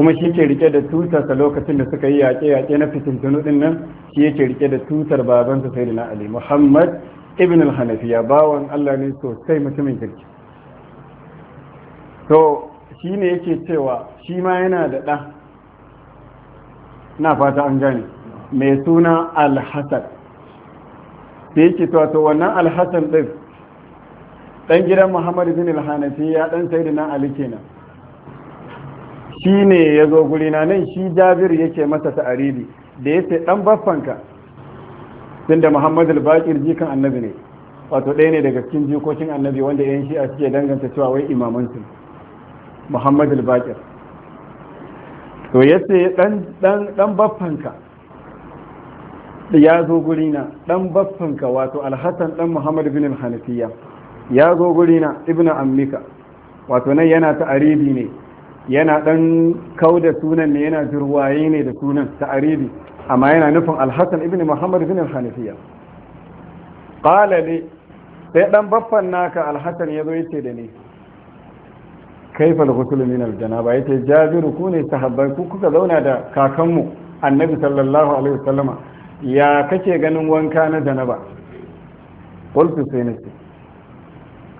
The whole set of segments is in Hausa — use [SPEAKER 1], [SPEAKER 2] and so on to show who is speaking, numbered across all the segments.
[SPEAKER 1] kuma shi ke rike da tutarsa lokacin da suka yi yaƙe-yaƙe na fitintunu ɗin nan shi yake rike da tutar babansa sai da ali muhammad ibn al-hanafiya bawan allah ne sosai mutumin kirki to shi ne yake cewa shi ma yana da ɗa na fata an gane mai suna al-hasan sai yake cewa to wannan al-hasan ɗin ɗan gidan muhammad ibn al-hanafiya ɗan sai da ali kenan shi ne ya zo gurina nan shi jabir yake masa ta'aribi da ya ce ɗan baffanka tunda muhammadu bakir jikan annabi ne wato ɗaya ne daga cikin jikokin annabi wanda yan a suke danganta cewa wai imamansu muhammadu bakir to ya ce ɗan baffanka ya zo gurina ɗan baffanka wato alhassan ɗan muhammadu bin hanafiya ya zo gurina ibn ammika wato nan yana ta'aribi ne yana dan kau da sunan ne yana jirwaye ne da sunan ta'aribi amma yana nufin alhassan ibn muhammad ibn hanafiya qala li sai dan baffan naka alhassan yazo yace da ni kaifa al-ghusl min al-janaba yace jabiru ku ne sahabbai ku kuka zauna da kakanmu annabi sallallahu alaihi wasallama ya kake ganin wanka na janaba qultu sai ne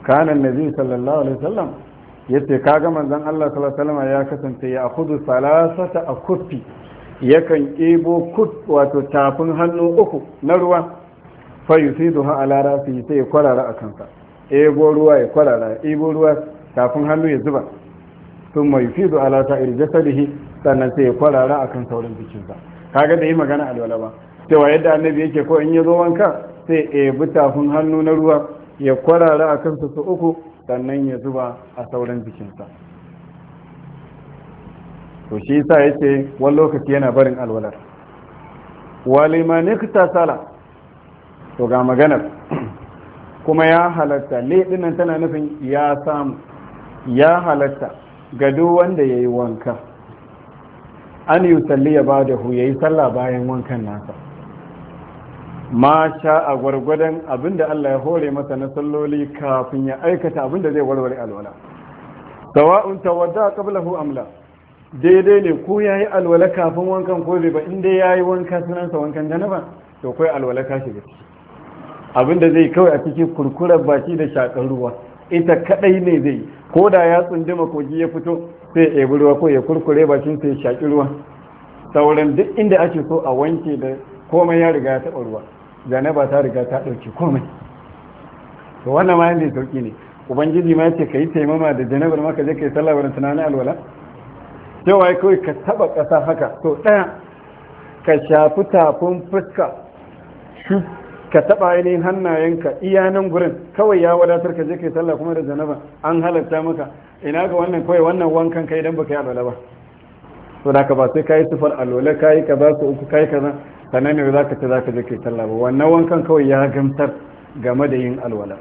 [SPEAKER 1] kana annabi sallallahu alaihi wasallam yace gama manzon Allah sallallahu alaihi ya kasance ya akhudhu salasata akuffi yakan ebo kut wato tafin hannu uku na ruwa fa yusiduha ala rafi sai ya kwarara a kansa ebo ruwa ya kwarara ebo ruwa tafin hannu ya zuba thumma yusidu ala sa'ir jasadihi sannan sai ya kwarara a kan sauran jikinsa kaga da yi magana alwala ba cewa yadda annabi yake ko in ya zo wanka sai ya bi tafin hannu na ruwa ya kwarara a kansa su uku sannan ya zuba a sauran jikinsa to shi ya ce wani lokaci yana barin alwalar walimanik sala to ga maganar kuma ya halatta leɗinan tana nufin ya samu ya halatta ga wanda ya yi wanka an yi salli ya ba da hu ya sallah bayan wankan nasa ma sha a gwargwadon abinda Allah ya hore masa na salloli kafin ya aikata abinda zai warware alwala sawa'un tawadda hu amla daidai ne ko ya yi alwala kafin wankan ko zai ba inda yi wanka sunan sa wankan janaba to kai alwala ka shiga abinda zai kawai a cikin kurkurar baki da shakar ruwa ita kadai ne zai ko da ya tsunduma kogi ya fito sai ya ebi ruwa ko ya kurkure bakin sai ya shaki ruwa sauran duk inda ake so a wanke da komai ya riga ya taɓa ruwa janaba ta riga ta ɗauki komai to wannan ma yanda sauki ne ubangiji ma yace kai taimama da janabar maka je kai sallah wurin tunanin alwala cewa ya kawai ka taba ƙasa haka to ɗaya ka shafi tafin fuska ka taba ainihin hannayenka iya nan gurin kawai ya wadatar ka je kai sallah kuma da janaba an halarta maka ina ga wannan kawai wannan wankan kai idan baka yi alwala ba to da ka ba sai kai sufar alwala kai kaza su uku kai kaza sannan ne za ka ce za ka je kai talla ba wannan wankan kawai ya gamsar game da yin alwala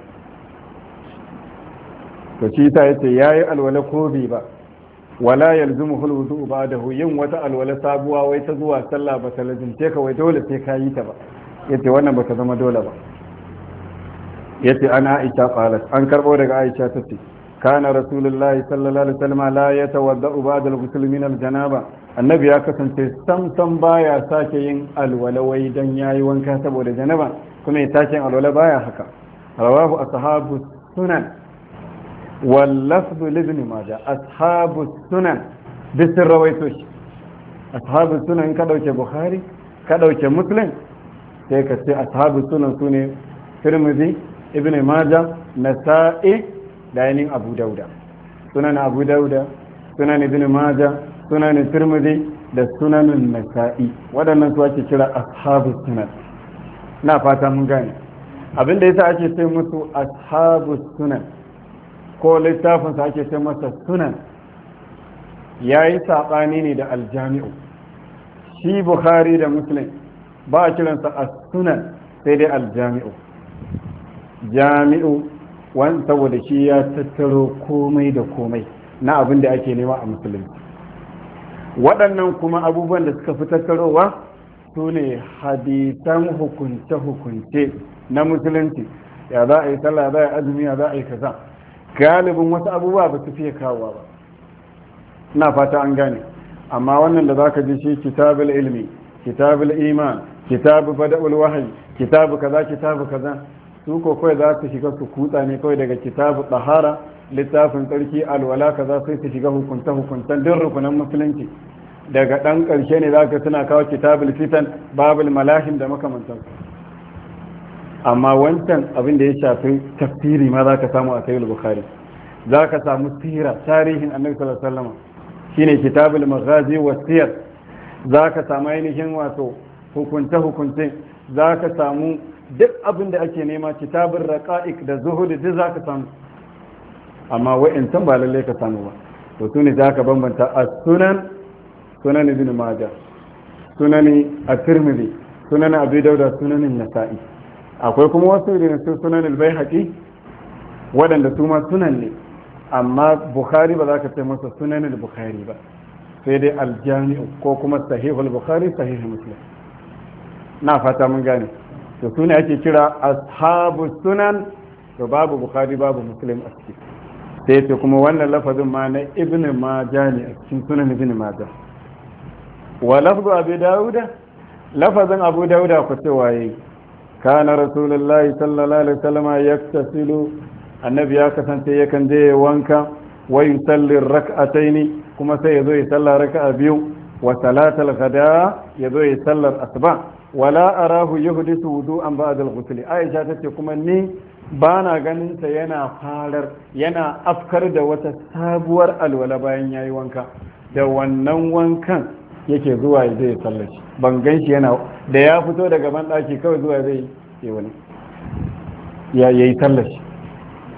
[SPEAKER 1] to shi ta yace yayi alwala ko bi ba wala yalzumu hulwudu ba'dahu yin wata alwala sabuwa wai ta zuwa sallah ba ta lazimce ka wai dole sai ka yi ta ba yace wannan ba ta zama dole ba yace ana aisha qalat an karbo daga aisha tace كان رسول الله صلى الله عليه وسلم لا يتوضا بعد الغسل من الجنابه النبي ya kasance samsam baya sake yin alwala wai dan yayi wanka saboda janaba kuma ya sake alwala baya haka rawahu ashabu sunan wal lafd li maja ashabu sunan bis rawaito shi ashabu sunan ka dauke bukhari ka dauke muslim sai ka ce ashabu sunan sune tirmidhi ibn maja nasa'i dainin abu dauda sunan abu dauda sunan ibn maja sunan tirmidhi da sunanin nasa'i waɗannan su ake kira ashabu sunan na fata mun gane abinda yasa ake sai musu ashabu sunan ko littafin sa ake sai masa sunan yayi saɓani ne da aljami'u shi bukhari da muslim ba a kiransa as-sunan sai dai aljami'u jami'u wani saboda shi ya tattaro komai da komai na abin da ake nema a musulunci waɗannan kuma abubuwan da suka fi tattarowa su ne hadisan hukunce-hukunce na musulunci ya za a yi sallah za a yi azumi ya za a yi kaza galibin wasu abubuwa ba su fiye kawowa ba na fata an gane amma wannan da zaka ji shi kitabul ilmi kitabul iman kitabu bada'ul wahayi kitabu kaza kitabu kaza su ko kawai za su shiga su kutsa ne kawai daga kitabu tsahara littafin Sarki alwala ka za su shiga hukunta hukuntan din rukunan musulunci daga ɗan karshe ne za ka suna kawo kitabul fitan babul malahim da makamantar amma wancan abin da ya shafi tafsiri ma za ka samu a kai bukhari za ka samu sira tarihin annabi sallallahu alaihi wasallam shine kitabul maghazi wa siyar za ka samu ainihin wato hukunta hukunta za ka samu duk abin da ake nema kitabin raqa'iq da zuhud duk zaka samu amma san ba lalle ka samu ba to su ne zaka bambanta as-sunan sunan ibn majah sunani at-tirmidhi sunan abi dauda sunan an-nasa'i akwai kuma wasu irin su sunan al-baihaqi waɗanda su ma sunan ne amma bukhari ba za ka ce masa sunan al-bukhari ba sai dai al ko kuma sahihul bukhari sahih muslim na fata mun gane to sune ake kira ashabu sunan to babu bukhari babu muslim a ciki sai ce kuma wannan lafazin ma na ibn majah ne a cikin sunan ibn majah wa lafzu abu dauda lafazin abu dauda ku ce waye kana rasulullahi sallallahu alaihi wasallam yaktasilu annabi ya kasance yakan je wanka wa yusalli rak'ataini kuma sai ya zo ya rak'a raka'a biyu wa salatul ghada ya zo ya sallar asuba wala arahu yuhdisu wudu'an ba'da al-ghusl Aisha tace kuma ni ba na ganin ta yana farar yana afkar da wata sabuwar alwala bayan yayi wanka da wannan wankan yake zuwa ya zai sallaci ban gan shi yana da ya fito daga ban daki kawai zuwa zai yi wani ya yayi sallaci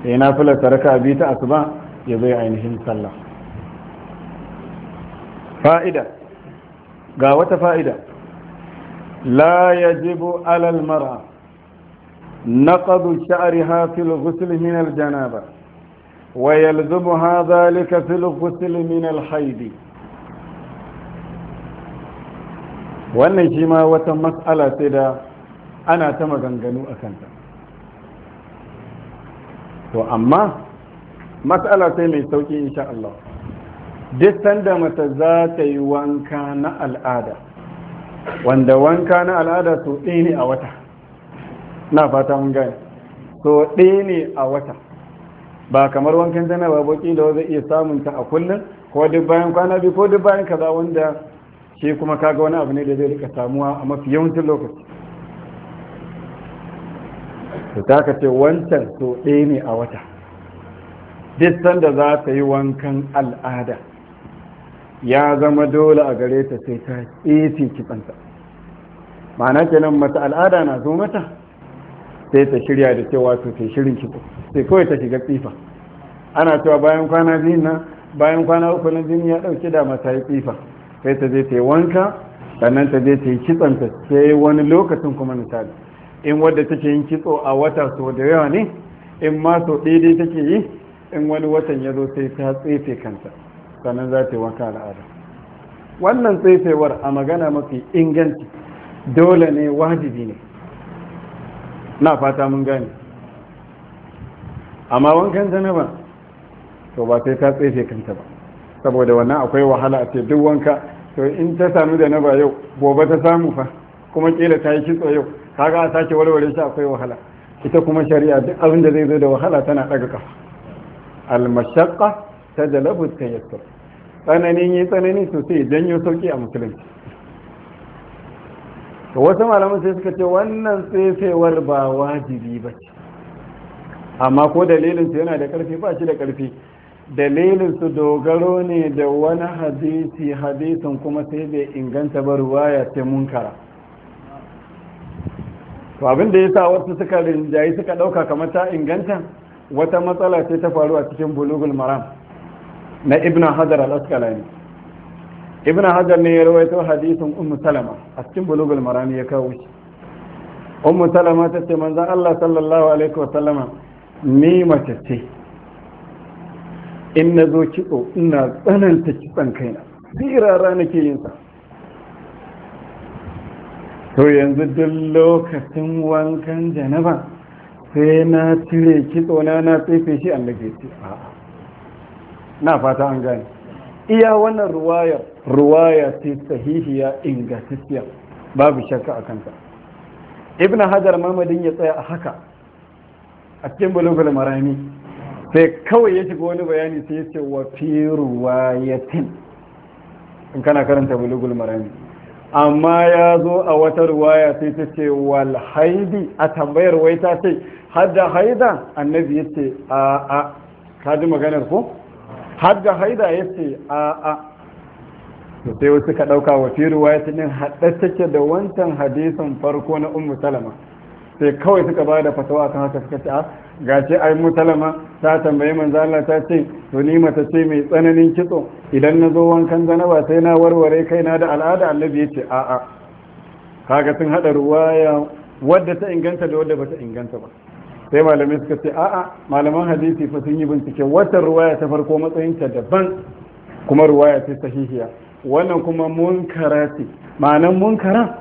[SPEAKER 1] sai na fila saraka bi ta asuba ya zai ainihin sallah fa'ida ga wata fa'ida لا يجب على المرأة نقض شعرها في الغسل من الجنابة ويلزمها ذلك في الغسل من الحيض wannan shi ma wata matsala sai da ana ta maganganu a kanta to amma matsala sai mai sauƙi insha Allah duk sanda mata za ta yi wanka na al'ada wanda wanka na al'ada so ɗaya ne a wata na fata mun gani so ɗaya ne a wata ba kamar wankan janaba ba da zai iya samun ta a kullum ko duk bayan kwana biyu ko duk bayan kaza wanda shi kuma kaga wani abu ne da zai rika samuwa a mafi yawancin lokaci to ta ka ce wancan so ɗaya ne a wata duk sanda za ta yi wankan al'ada ya zama dole a gare ta sai ta tsefe kitsanta ma'ana kenan mata al'ada na zo mata sai ta shirya da cewa to sai shirin kitso sai kawai ta shiga tsifa ana cewa bayan kwana biyu na bayan kwana uku na jini ya dauke da mata yi tsifa sai ta je ta yi wanka sannan ta je ta yi kitsanta sai wani lokacin kuma misali in wadda take yin kitso a wata so da yawa ne in ma so daidai take yi in wani watan ya zo sai ta tsefe kanta sannan za ta yi wanka al'ada wannan tsaifewar a magana mafi inganci dole ne wajibi ne na fata mun gane amma wankan janaba to ba sai ta tsaife kanta ba saboda wannan akwai wahala a ce duk wanka to in ta sami da naba yau gobe ta samu fa kuma kila ta yi kitso yau kaga a sake warware shi akwai wahala ita kuma shari'a duk abin da zai zo da wahala tana ɗaga kafa al-mashaqqa ta jalabu ta yassar tsananin yi tsanani sosai yi sauki a musulunci wasu malamai sai suka ce wannan tsefewar ba wajibi ba ce amma ko dalilinsu yana da karfi ba shi da ƙarfi dalilinsu dogaro ne da wani hadisi hadisin kuma sai bai inganta ba ruwaya ta munkara to abin da ya sa wasu suka rinjayi suka ɗauka kamar ta inganta wata matsala ce ta faru a cikin bulugul maram na ibn hajar al-asqalani ibn hajar ne ya rawaito hadisin umu salama a cikin bulugul marami ya kawo shi umu salama ta ce manzan Allah sallallahu alaihi wa sallama ni mace ce in na zo kitso ina tsananta kitson kaina tsirara nake ke sa to yanzu duk lokacin wankan janaba sai na cire kitso na na tsefe shi ke ce a'a na fata an gane iya wannan ruwaya ruwaya ce sahihiya ingantacciya babu shakka a kanta ibn hajar mamadin ya tsaya a haka a cikin bulugul marami sai kawai ya shiga wani bayani sai ya ce wa fi ruwayatin in kana karanta bulugul marami amma ya zo a wata ruwaya sai ta ce wal haidi a tambayar wai ta ce hadda haida annabi ya ce a a ji maganar ko har ga haida ya ce a a da sai wasu ka ɗauka wa fi ruwayatin din haɗe take da wancan hadisan farko na ummu salama sai kawai suka ba da fatawa kan haka suka ce a ce ai salama ta tambayi man zala ta ce to ni mata ce mai tsananin kitso idan na zo wankan zanaba sai na warware kaina da al'ada annabi ya ce a'a kaga sun haɗa ruwaya wadda ta inganta da wadda bata inganta ba sai malamai suka ce a'a malaman hadisi fa sun yi bincike wata ruwaya ta farko ta daban kuma ruwaya ce sahihiya wannan kuma munkara ce ma'anan munkara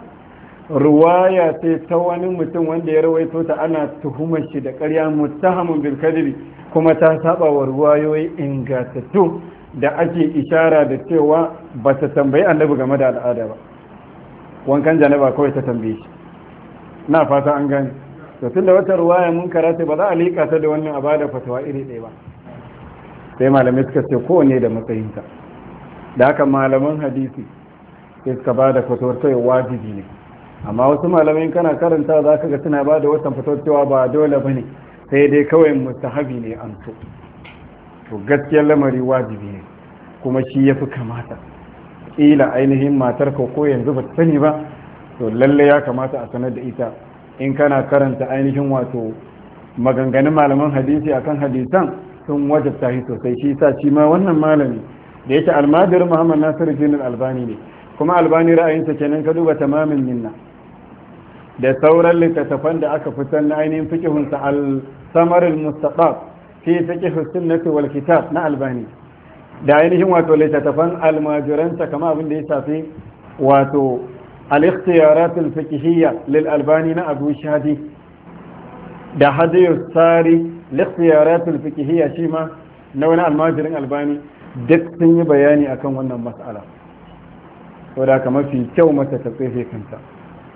[SPEAKER 1] ruwaya ce ta wani mutum wanda ya rawaito ta ana tuhumar shi da ƙarya mutahamun bil kadiri kuma ta saba wa ruwayoyi ingantattu da ake ishara da cewa ba ta tambayi annabi game da al'ada ba wankan janaba kawai ta tambaye shi na fata an gani to tun da wata ruwaya mun karata ba za a liƙa ta da wannan a bada fatawa iri ɗaya ba sai malamai suka ce ne da matsayinsa da haka malaman hadisi sai suka ba da fatawar cewa wajibi ne amma wasu malamai kana karanta za ka ga suna ba da watan fatawar cewa ba dole ba ne sai dai kawai mustahabi ne an so to gaskiyar lamari wajibi ne kuma shi ya fi kamata ƙila ainihin matar ko yanzu ba ta sani ba to lalle ya kamata a sanar da ita in kana karanta ainihin wato maganganun malaman hadisi akan hadisan sun wajabta shi sosai shi sa shi ma wannan malami da yake almadir muhammad nasiru jinin albani ne kuma albani ra'ayinsa kenan ka duba tamamin minna da sauran littattafan da aka fitar na ainihin fikihunsa al-samarul mustaqab fi fiqh sunnati wal kitab na albani da ainihin wato littattafan almajiransa kama abin da ya shafi wato al-ikhtiyarat al lil albani na abu da hadiyar tsari al-ikhtiyarat al-fiqhiyya shi na almajirin albani duk sun yi bayani akan wannan mas'ala saboda ka mafi kyau mata ta tsefe kanta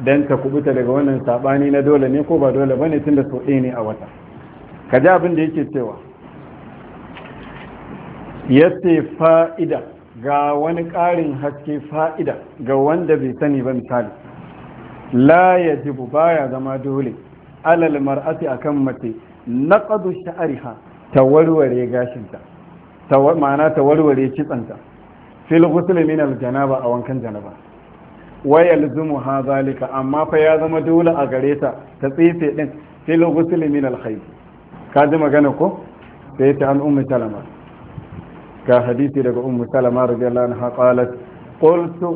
[SPEAKER 1] dan ka kubuta daga wannan saɓani na dole ne ko ba dole bane tunda so ɗaya ne a wata ka ji abin da yake cewa yace fa'ida ga wani ƙarin haske fa'ida ga wanda bai sani ba misali la ya jibu baya zama dole alal mar'ati akan mace na ƙadu sha'ariha ta warware gashinta ma'ana ta warware kitsanta fil ghusl min al janaba a wankan janaba wa yalzumu ha zalika amma fa ya zama dole a gare ta ta tsefe din fil ghusl min al ka ji magana ko sai ta an ummi salama ga hadisi daga ummu salama radiyallahu anha qalat qultu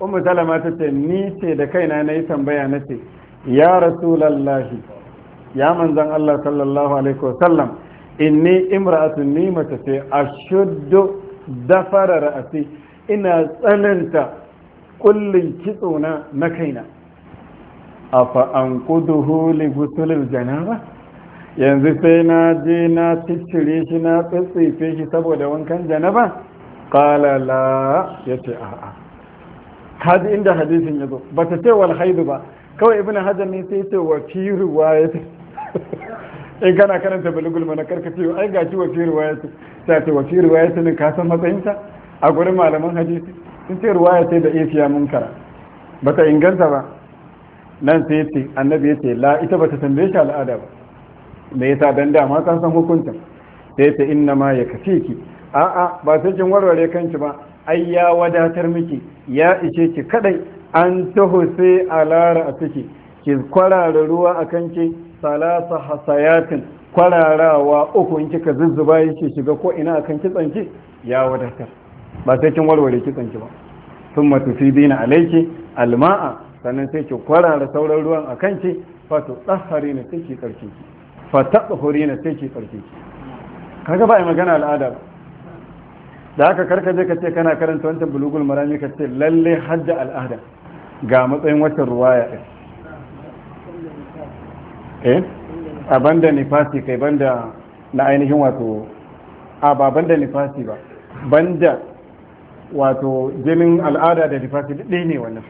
[SPEAKER 1] ummu salama tace ni ce da kaina nayi tambaya nace ya rasulullahi ya manzon Allah sallallahu alaihi wasallam inni imra'atun ni mata ce ashuddu dafara ra'asi ina tsananta kullin kitsona na kaina afa anquduhu li gusulil janaba yanzu sai na je na ciccire shi na tsitsife shi saboda wankan janaba qala la yace a'a hadi inda hadisin yazo bata ce wal haidu ba kawai ibnu hajar ne sai ce wa fi riwayati in kana karanta bulugul mana karka ce ai gashi wa fi ce. ta ce wa fi ce ne ka san matsayinta a gurin malaman hadisi sun ce ruwaya ce da isiya munkara bata inganta ba nan sai ce annabi yace la ita bata tambaye shi al'ada ba me yasa dan dama ka san hukunta sai ta inna ma ya ki a'a ba sai kin warware kanki ba ai ya wadatar miki ya ishe ki kadai an taho sai alara a ciki ki kwarara ruwa a kanki salasa hasayatin kwararawa uku in kika zuzzuba yake shiga ko ina kitson tsanki ya wadatar ba sai kin warware tsanki ba sun matufidina alaiki alma'a sannan sai ki kwarara sauran ruwan a kanki fato tsahari na sai ki tsarki fataɗa na sai ke farke kaga ba a yi magana al'ada ba da haka karka je ka ce kana karanta wancan bulugul marami ka ce lalle hajja al'ada ga matsayin watan ruwaya ɗin eh a banda nifasi kai banda na ainihin wato a ba banda nifasi ba banda wato jinin al'ada da nifasi ɗaya ne wannan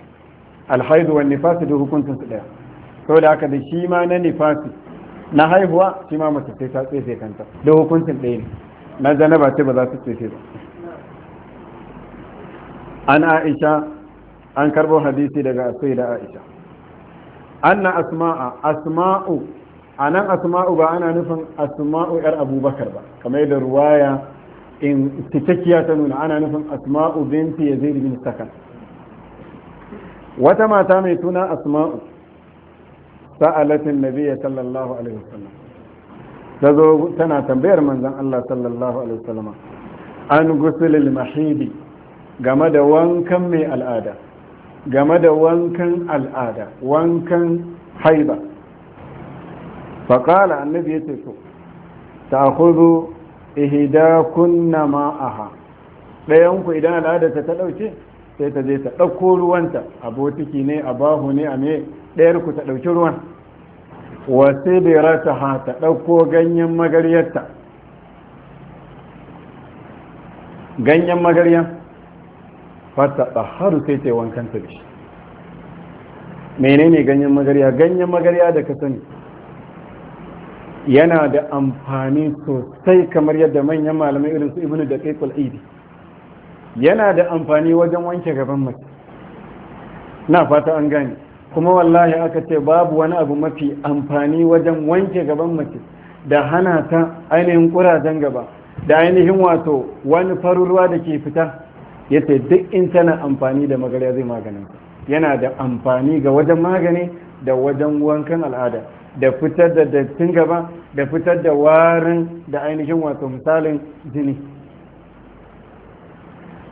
[SPEAKER 1] alhaidu wa nifasi da hukuncin su ɗaya saboda haka da shi ma na nifasi na haihuwa shi ma mace sai ta tsefe kanta da hukuncin ɗaya ne na janaba ce ba za su tsefe ba an aisha an karbo hadisi daga asai da aisha na asma'a asma'u a nan asma'u ba ana nufin asma'u yar abubakar ba kamar da ruwaya in cikakkiya ta nuna ana nufin asma'u binti yazid bin sakan wata mata mai suna asma'u sa'alatin biya sallallahu alaihi wasallam ta zo tana tambayar manzon Allah sallallahu alaihi wasallam an gusulil mahidi game da wankan mai al'ada game da wankan al'ada wankan haiba faƙala annabi ya ce so ta kuzo ihida kunna ma'aha ɗayanku idan al'adarta ta ɗauke sai ta je ta ɗauko ruwanta a botiki ne a bahu ne a me ɗayar ku ta ɗauki ruwan wasu berata ha ta ɗauko ganyen magaryarta ganyen magarya, fata ɗaharu sai ta yi wankan ta shi menene ganyen magarya ganyen magarya da ka sani yana da amfani sosai kamar yadda manyan malamai irin su ibnu da ƙaiƙul idi yana da amfani wajen wanke gaban mace na fata an gani kuma wallahi aka ce babu wani abu mafi amfani wajen wanke gaban mace da hana ta ainihin kurajen gaba da ainihin wato wani farin da ke fita ya ce duk in tana amfani da magarya zai maganin yana da amfani ga wajen magani da wajen wankan al'ada da fitar da dattin gaba da fitar da warin da ainihin wato misalin jini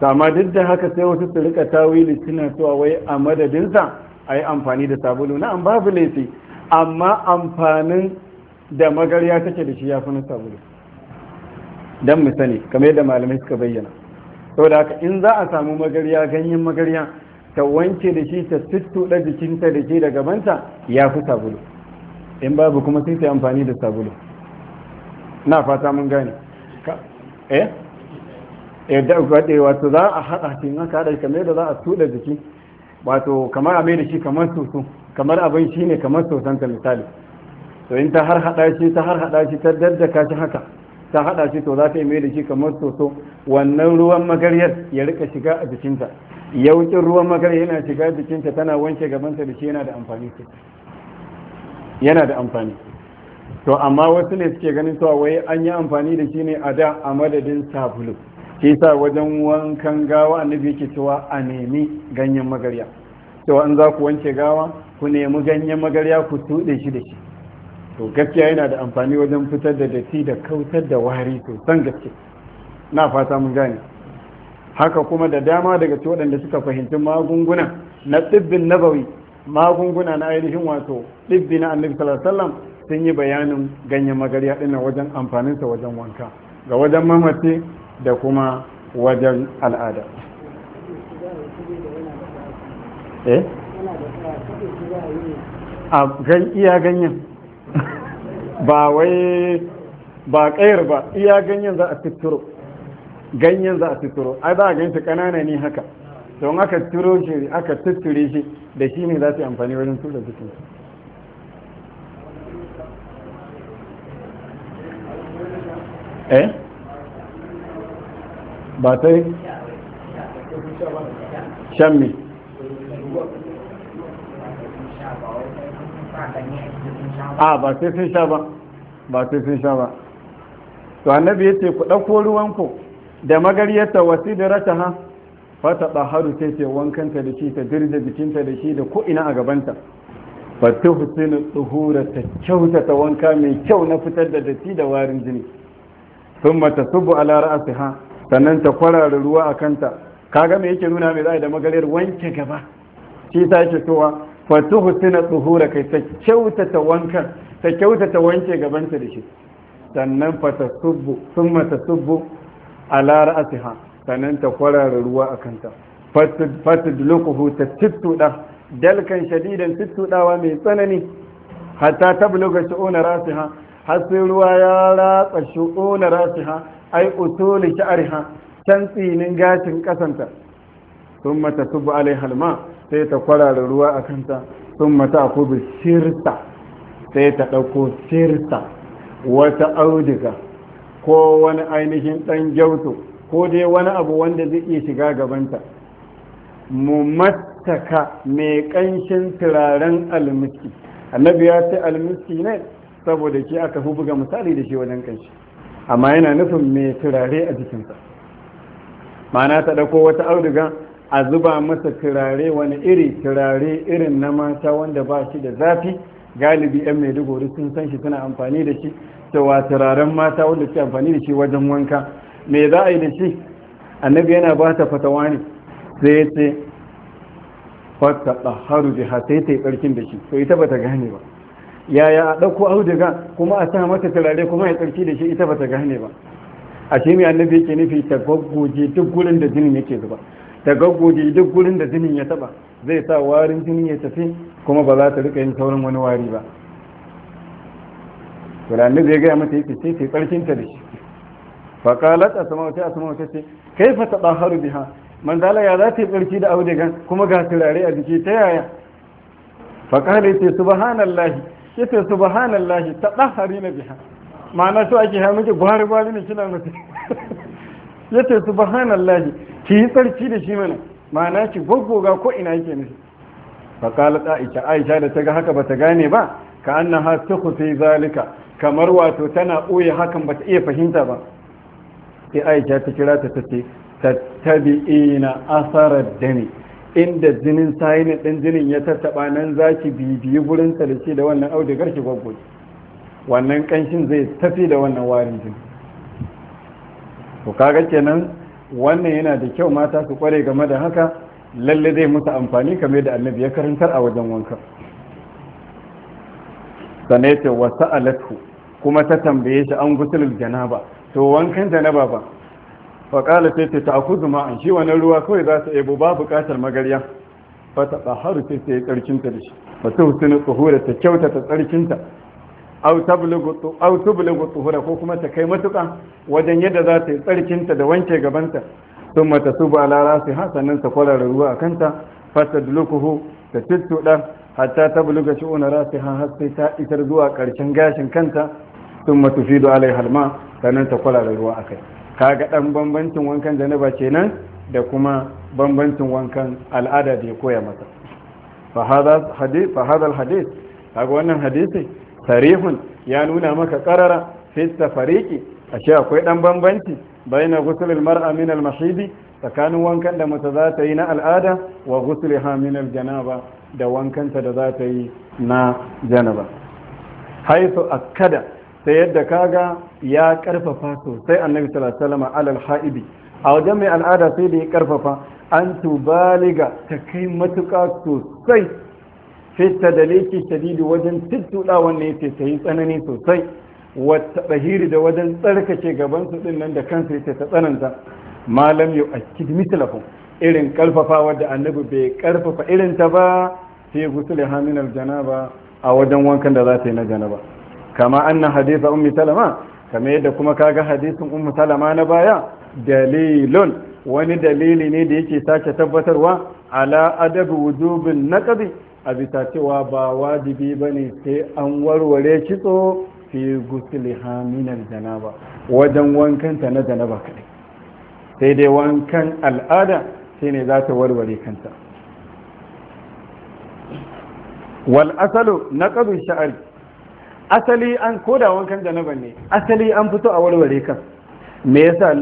[SPEAKER 1] amma duk da haka sai wasu su rika tawili suna cewa wai a madadinsa a yi amfani da sabulu na an babu laifi amma amfanin da magarya take da shi ya fi na sabulu don mu sani kamar yadda malamai suka bayyana saboda haka in za a samu magarya ganyen magarya ta wanke da shi ta tuttuɗa jikinta da shi da gabanta ya fi sabulu in babu kuma sai ta amfani da sabulu na fata mun gane eh yadda ku faɗe wato za a haɗa shi na aka haɗa shi kamar yadda za a tuɗa jiki wato kamar a mai da shi kamar soso kamar abin shi ne kamar ta misali to in ta har haɗa shi ta har haɗa shi ta daddaka shi haka ta haɗa shi to za ta mai da shi kamar soso wannan ruwan magaryar ya rika shiga a jikinta yawancin ruwan magaryar yana shiga jikinta tana wanke gabanta da shi yana da amfani yana da amfani to amma wasu ne suke ganin cewa wai an yi amfani da shi ne a da a madadin sabulu shi sa wajen wankan gawa annabi yake cewa a nemi ganyen magarya cewa an za ku wanke gawa ku nemi ganyen magarya ku tuɗe shi da shi to gaskiya yana da amfani wajen fitar da datti da kautar da wari san gaske na fata mun gane haka kuma da dama daga ci waɗanda suka fahimci magunguna na tsibbin nabawi magunguna na ainihin wato tsibbi na annabi sallallahu alaihi wasallam sun yi bayanin ganyen magarya ɗin wajen amfaninsa wajen wanka ga wajen mamace da kuma wajen al'ada eh? a gan iya ganyen ba wai ba kayar ba iya ganyen za a fituro ganyen za a fituro ai za a ganyen kanana ne haka don aka turo shi aka tutture shi da shi ne za su yi amfani wajen tura jikin eh ba sai shan a ba sai sun sha ba ba sai sun sha ba to annabi yace ku ɗauko ruwanku da magaryarta wasi da rata ha fata ɗaharu sai ce wankanta da shi ta dirda jikinta da shi da ko'ina a gabanta fata hussein tsuhura ta kyautata wanka mai kyau na fitar da datti da warin jini sun mata subu ala ra'asi ha sannan ta kwarara ruwa a kanta kaga me yake nuna mai za da magariyar wanke gaba shi ta yake cewa fatuhu tsohu tsuhura kai ta kyautata wankan ta kyautata wanke gabanta da shi sannan fata subbu sun mata subbu a lara asiha sannan ta kwarara ruwa a kanta fata dulukuhu ta tuttuɗa dalkan shadidan tuttuɗawa mai tsanani hatta ta buluga shi'una rasiha har sai ruwa ya ratsa shi'una rasiha ai utuli sha'riha can tsinin gashin kasanta thumma tasubu alaiha alma sai ta kwarara ruwa a kanta thumma ta'khudhu sirta sai ta dauko sirta wata auduga ko wani ainihin dan gyauto ko dai wani abu wanda zai iya shiga gabanta mu mattaka mai kanshin turaren almiski annabi ya ce almiski ne saboda ke aka fi buga misali da shi wajen kanshi amma yana nufin mai turare a jikinsa mana ta ɗauko wata auduga a zuba masa turare wani iri turare irin na mata wanda ba shi da zafi galibi 'yan maiduguri sun san shi suna amfani da shi cewa turaren mata wanda suke amfani da shi wajen wanka me za a yi da shi annabi yana ba ta fatawa ne sai ya ce fata haru biha sai ta yi ɓarkin da shi to ita ba ta gane ba yaya a ɗauko auduga kuma a sa mata turare kuma ya tsarki da shi ita ba ta gane ba a ce mai annabi yake nufi ta gaggoje duk gurin da jinin yake zuba ta gaggoje duk gurin da jinin ya taba zai sa warin jinin ya tafi kuma ba za ta rika yin saurin wani wari ba to da annabi ya gaya mata yake sai ta tsarkin ta da shi fa qalat asma ta ce kaifa tadaharu biha manzala ya za ta yi tsarki da audigan kuma ga turare a jiki ta yaya fa qala sai subhanallahi yace subhanallahi na biha ma'ana to ake ha miki gwari gwari ne kina mutu yace subhanallahi ki yi tsarki da shi mana ma'ana ki goggoga ko ina yake nufi fa ta aisha aisha da taga haka bata gane ba ka annaha tukhfi zalika kamar wato tana boye hakan bata iya fahimta ba sai aisha ta kira ta tace tattabi'ina asarar dani inda jinin sayinin ɗin jinin ya tattaɓa nan za ki bibiyi gurin da shi da wannan audigar ki gwaggwaje wannan ƙanshin zai tafi da wannan warin jini to kaga kenan wannan yana da kyau mata su kware game da haka lalle zai musu amfani kamar da annabi ya karantar a wajen wanka sanai wasa alatu kuma ta tambaye shi an gusulul janaba to wankan janaba ba faƙala sai ta ma an shi wannan ruwa kawai za ta ebo ba buƙatar magarya ta haru sai ta yi tsarkinta da shi ba ta husinu tsohura ta kyauta ta tsarkinta au tublugu tsohura ko kuma ta kai matuka wajen yadda za ta yi tsarkinta da wanke gabanta sun mata su ba lara ha sannan ta kwarara ruwa a kanta fata dulukuhu ta tuttuɗa hatta ta buluga shi'una rasi ha har sai ta isar zuwa ƙarshen gashin kanta sun matufi da alai halma sannan ta kwarara ruwa a kai kaga ɗan bambancin wankan janaba kenan da kuma bambancin wankan al'ada da ya koya masa fa hadha hadith kaga wannan hadisi sarihun ya nuna maka ƙarara, fi tafariqi ashe akwai dan bambanci baina ghusl mara min al tsakanin wankan da mata za ta yi na al'ada wa ghusliha min al-janaba da wankanta da za ta yi na janaba a kada. ta yadda kaga ya karfafa sosai annabi sallallahu alaihi wasallam alal ha'ibi a wajen mai al'ada sai da ya karfafa an tubaliga ta kai matuƙa sosai fi da leki shadidi wajen tuttuɗa wanne yake ta yi tsanani sosai wa tsahiri da wajen gaban gabansu din nan da kansa yake ta tsananta malam yau a kidmi irin karfafa wadda annabi bai karfafa irin ta ba sai gusul haminal ba a wajen wankan da za ta yi na janaba kama annan hadisa ummi salama kama yadda kuma kaga hadisin ummi talama na baya dalilun wani dalili ne da yake sake tabbatarwa ala adabi wujubin naqdi a bisa cewa ba wajibi bane sai an warware kitso fi gusliha min janaba wajen wankan ta na janaba kadai sai dai wankan al'ada sai ne za ta warware kanta wal asalu naqdu sha'ri asali an koda wankan janaba ne asali an fito a warware kan me yasa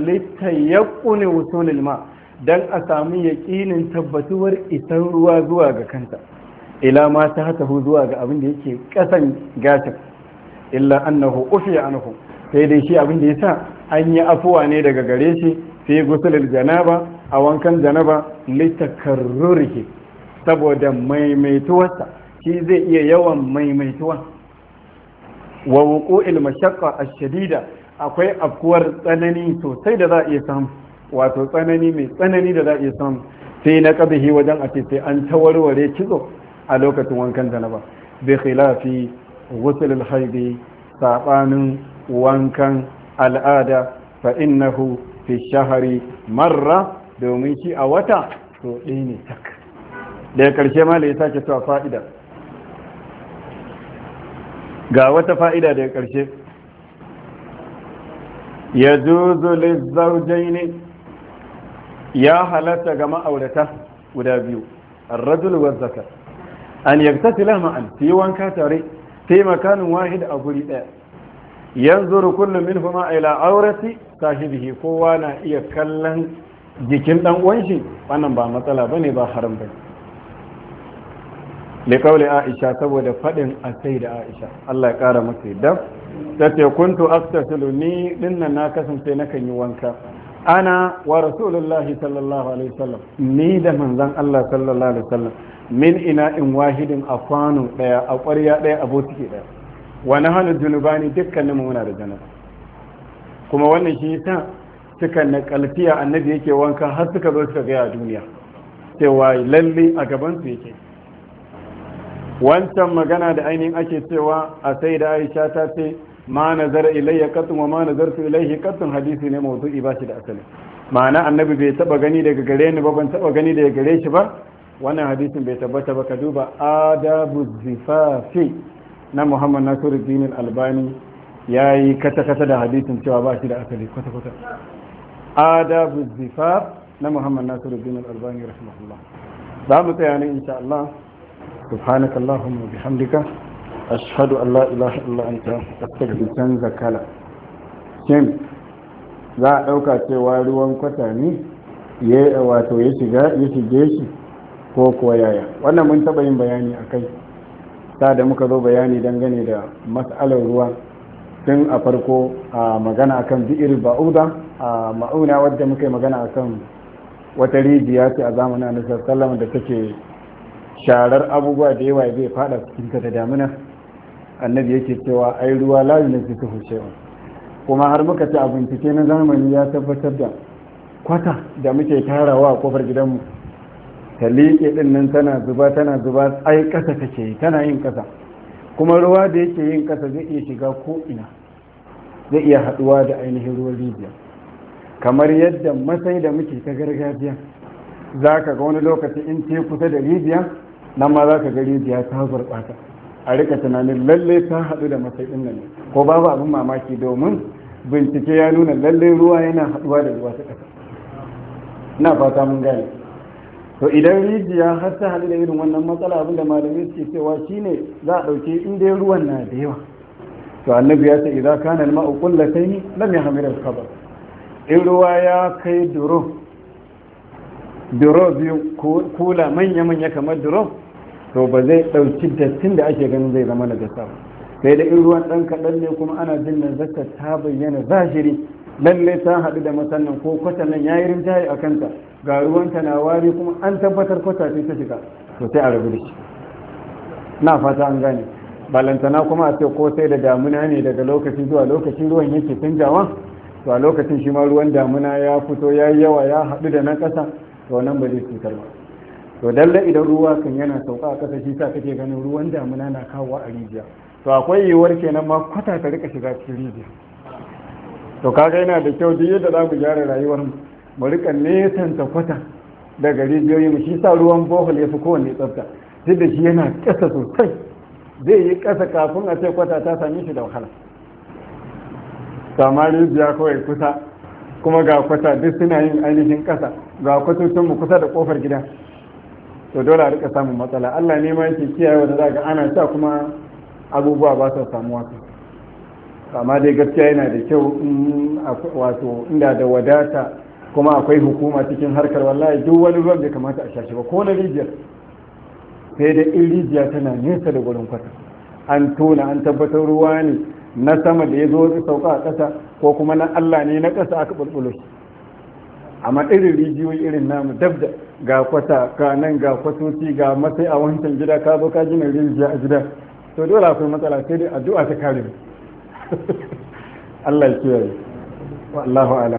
[SPEAKER 1] ƙune wusulil ma dan a samu yaqinin tabbatuwar isan ruwa zuwa ga kanta ila ma ta hata hu zuwa ga abin da yake kasan gata illa annahu ufiya anhu sai dai shi abin da yasa an yi afuwa ne daga gare shi fi gusulil janaba a wankan janaba litakarrurihi saboda maimaituwarsa shi zai iya yawan maimaituwa wa wuqu'il a ash-shadida akwai afkuwar tsanani sosai da za a iya samu wato tsanani mai tsanani da za a iya samu sai na kabihi wajen a an sai an tawarware kitso a lokacin wankan janaba bi khilafi ghusl al-haidi sabanin wankan al'ada fa innahu fi shahari marra domin shi a wata to ɗaya ne tak daga ƙarshe ma da ya sake cewa fa'ida ga wata fa'ida daga ƙarshe ya juzu lizaujaini ya halatta ga ma'aurata guda biyu arrajul wa an yaktasila ma'an su yi wanka tare ta yi makanin wahid a guri ɗaya yanzu rukunin min la'aurati, ta aurati sahibihi kowa na iya kallon jikin ɗan uwanshi wannan ba matsala ba ne ba haram bane liƙauli aisha saboda faɗin a sai da aisha allah ya ƙara masa da ta ce kuntu aftasilu ni dinnan na kasance na kan yi wanka ana wa rasulullahi sallallahu alaihi wasallam ni da manzon allah sallallahu alaihi wasallam min ina in wahidin a kwano ɗaya a ƙwarya ɗaya a botiki ɗaya wani hannu junubani dukkanin muna da janaba kuma wannan shi ta, suka na kalfiya annabi yake wanka har suka zo suka gaya duniya cewa lalle a gaban gabansu yake wancan magana da ainihin ake cewa a sai da aisha ta ce ma nazara ilayya katun wa ma su ilayhi katun hadisi ne mawdu'i ba shi da asali ma'ana annabi bai taba gani daga gare ni ba ban taba gani daga gare shi ba wannan hadisin bai tabbata ba ka duba adabu zifafi na muhammad Nasiru nasiruddin albani ya yi kata-kata da hadisin cewa ba shi da asali kwata-kwata adabu zifaf na muhammad Nasiru nasiruddin albani rahimahullah za mu tsaya ne insha Allah سبحانك اللهم وبحمدك أشهد أن لا إله إلا أنت أستغفرك ذنبك لا shin za a ɗauka cewa ruwan kwata ne ya wato ya shiga ya shige shi ko kuwa yaya wannan mun taɓa yin bayani a kai ta da muka zo bayani dangane da matsalar ruwa tun a farko a magana akan bi'ir ba'uda a ma'auna wadda muka yi magana akan wata rijiya ce a zamanin annabi sallallahu da take sharar abubuwa da yawa zai fada cikin ka da damina annabi yake cewa ai ruwa layu ne su tuhu kuma har muka ci a bincike na zamani ya tabbatar da kwata da muke tarawa a kofar gidanmu ta liƙe ɗin nan tana zuba tana zuba ai ƙasa take yi tana yin ƙasa kuma ruwa da yake yin ƙasa zai iya shiga ko ina zai iya haɗuwa da ainihin ruwan libya kamar yadda masai da muke ta gargajiya za ka ga wani lokaci in ce kusa da libya nan ma za ka ga rijiya ta gurɓata a rika tunanin lalle ta haɗu da matsayin nan ko babu abin mamaki domin bincike ya nuna lalle ruwa yana haɗuwa da ruwa ta ƙasa na fata mun gane to idan rijiya har ta haɗu da irin wannan matsala abin da malamai suke cewa shine za a ɗauke in dai ruwan na da yawa to annabi ya ce idan kana ma'u qullatayn lam yahmil al-khabar in ruwa ya kai duro duro biyu kula manya-manya kamar duro to ba zai ɗauki dattin da ake ganin zai zama najasa ba sai da in ruwan ɗan kaɗan ne kuma ana jin zakka ta bayyana zahiri lallai ta haɗu da masannan ko kwata nan ya yi rinjaye a kanta ga ruwanta na wari kuma an tabbatar kwata sai ta shiga to sai a rabu da shi na fata an gane balantana kuma a ce ko sai da damuna ne daga lokaci zuwa lokaci ruwan yake canjawa to a lokacin shi ma ruwan damuna ya fito ya yi yawa ya haɗu da na ƙasa to nan ba zai cutar ba to dalla idan ruwa kan yana sauka a ƙasa shi sa kake ganin ruwan damuna na kawo a rijiya to akwai yiwuwar kenan ma kwata ta rika shiga cikin rijiya to kaga yana da kyau duk yadda za mu gyara rayuwar mu rika nesanta kwata daga rijiyoyi mu shi sa ruwan bohol ya fi kowanne tsafta duk da shi yana ƙasa sosai zai yi ƙasa kafin a ce kwata ta same shi da wahala Kama rijiya kawai kusa kuma ga kwata duk suna yin ainihin ƙasa ga mu kusa da kofar gida to dole a rika samun matsala Allah ne ma yake kiyaye wanda za ka ana sa kuma abubuwa ba sa samuwa su amma dai gaskiya yana da kyau wato inda da wadata kuma akwai hukuma cikin harkar wallahi duk wani ruwan bai kamata a shashi ba ko na rijiyar sai da in rijiya tana nesa da gurin kwata an tona an tabbatar ruwa ne na sama da ya zo sauka a ƙasa ko kuma na Allah ne na ƙasa aka bulbulo amma irin rijiyoyi irin namu dab ga kwata ka nan ga kwatoci ga matsayi a wancan gida ka zo ka gina rijiya a gida to dole akwai matsala sai dai addu'a ta kare Allah ya kiyaye wallahu a'lam